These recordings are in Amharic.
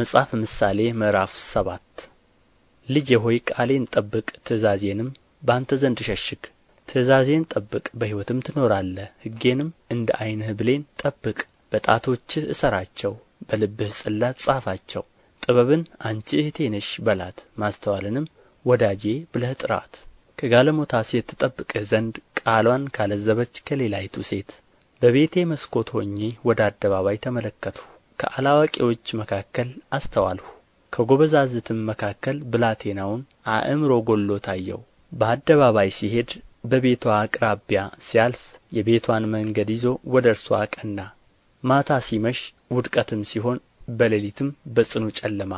መጽሐፈ ምሳሌ ምዕራፍ ሰባት ልጄ ሆይ ቃሌን ጠብቅ ትእዛዜንም በአንተ ዘንድ ሸሽግ ትእዛዜን ጠብቅ በሕይወትም ትኖራለህ ሕጌንም እንደ ዐይንህ ብሌን ጠብቅ በጣቶችህ እሰራቸው በልብህ ጽላት ጻፋቸው ጥበብን አንቺ እህቴ ነሽ በላት ማስተዋልንም ወዳጄ ብለህ ጥራት ከጋለሞታ ሴት ትጠብቅህ ዘንድ ቃሏን ካለዘበች ከሌላይቱ ሴት በቤቴ መስኮት ሆኜ ወደ አደባባይ ተመለከትሁ ከአላዋቂዎች መካከል አስተዋልሁ ከጎበዛዝትም መካከል ብላቴናውን አእምሮ ጎሎ ታየው በአደባባይ ሲሄድ በቤቷ አቅራቢያ ሲያልፍ የቤቷን መንገድ ይዞ ወደ እርሷ አቀና ማታ ሲመሽ ውድቀትም ሲሆን በሌሊትም በጽኑ ጨለማ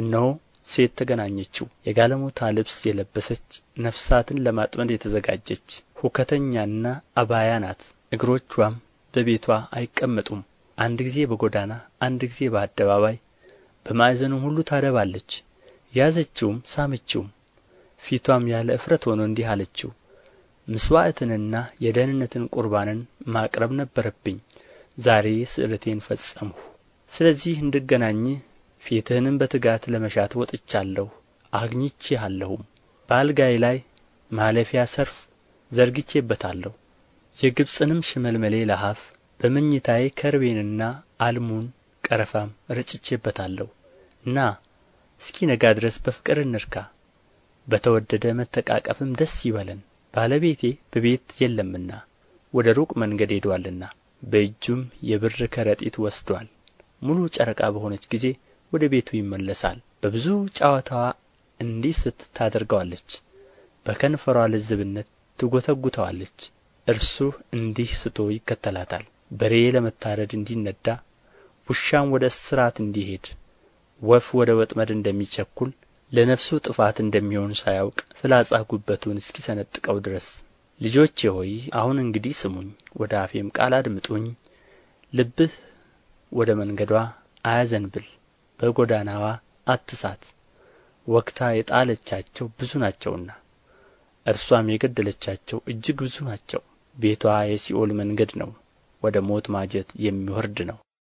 እነሆ ሴት ተገናኘችው የጋለሞታ ልብስ የለበሰች ነፍሳትን ለማጥመድ የተዘጋጀች ሁከተኛና አባያ ናት እግሮቿም በቤቷ አይቀመጡም አንድ ጊዜ በጎዳና አንድ ጊዜ በአደባባይ በማዕዘኑም ሁሉ ታደባለች ያዘችውም ሳመችውም ፊቷም ያለ እፍረት ሆኖ እንዲህ አለችው ምስዋዕትንና የደህንነትን ቁርባንን ማቅረብ ነበረብኝ ዛሬ ስእለቴን ፈጸምሁ ስለዚህ እንድገናኝህ ፊትህንም በትጋት ለመሻት ወጥቻለሁ አግኝቼሃለሁም በአልጋዬ ላይ ማለፊያ ሰርፍ ዘርግቼበታለሁ የግብጽንም ሽመልመሌ ለሀፍ በመኝታዬ ከርቤንና አልሙን ቀረፋም ረጭቼበታለሁ ና እስኪነጋ ድረስ በፍቅር እንርካ በተወደደ መተቃቀፍም ደስ ይበለን ባለቤቴ በቤት የለምና ወደ ሩቅ መንገድ ሄዷልና በእጁም የብር ከረጢት ወስዷል። ሙሉ ጨረቃ በሆነች ጊዜ ወደ ቤቱ ይመለሳል በብዙ ጨዋታዋ እንዲስት ታደርገዋለች በከንፈሯ ልዝብነት ትጐተጉተዋለች እርሱ እንዲህ ስቶ ይከተላታል በሬ ለመታረድ እንዲነዳ ውሻም ወደ እስራት እንዲሄድ ወፍ ወደ ወጥመድ እንደሚቸኩል ለነፍሱ ጥፋት እንደሚሆን ሳያውቅ ፍላጻ ጉበቱን እስኪሰነጥቀው ድረስ ልጆቼ ሆይ አሁን እንግዲህ ስሙኝ ወደ አፌም ቃል አድምጡኝ ልብህ ወደ መንገዷ አያዘንብል በጎዳናዋ አትሳት ወክታ የጣለቻቸው ብዙ ናቸውና እርሷም የገደለቻቸው እጅግ ብዙ ናቸው ቤቷ የሲኦል መንገድ ነው ወደ ሞት ማጀት የሚወርድ ነው